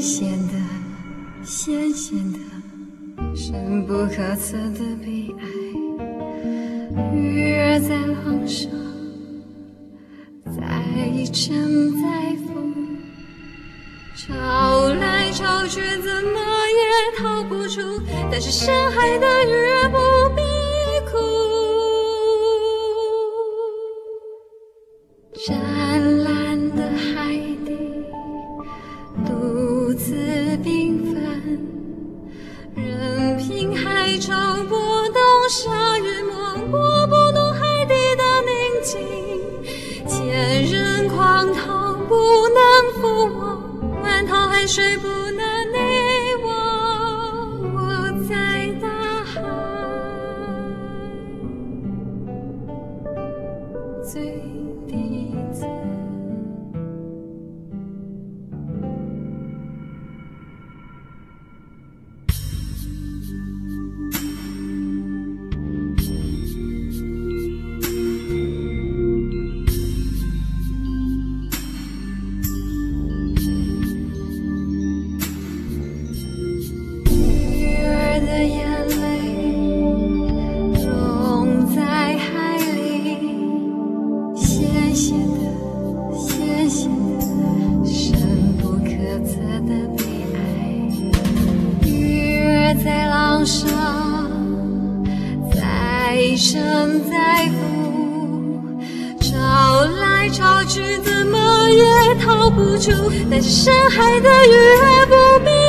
鹹鹹的，鹹鹹的，深不可測的悲哀。魚兒在浪上，載沉載浮，潮來潮去，怎麼也逃不出。但是深海的魚。沙與沫，波不動海底的寧靜，千仞狂濤不能覆我，萬濤海水不能溺我，我在大海。最載沉載浮，潮來潮去，怎麼也逃不出，但是深海的魚兒不必。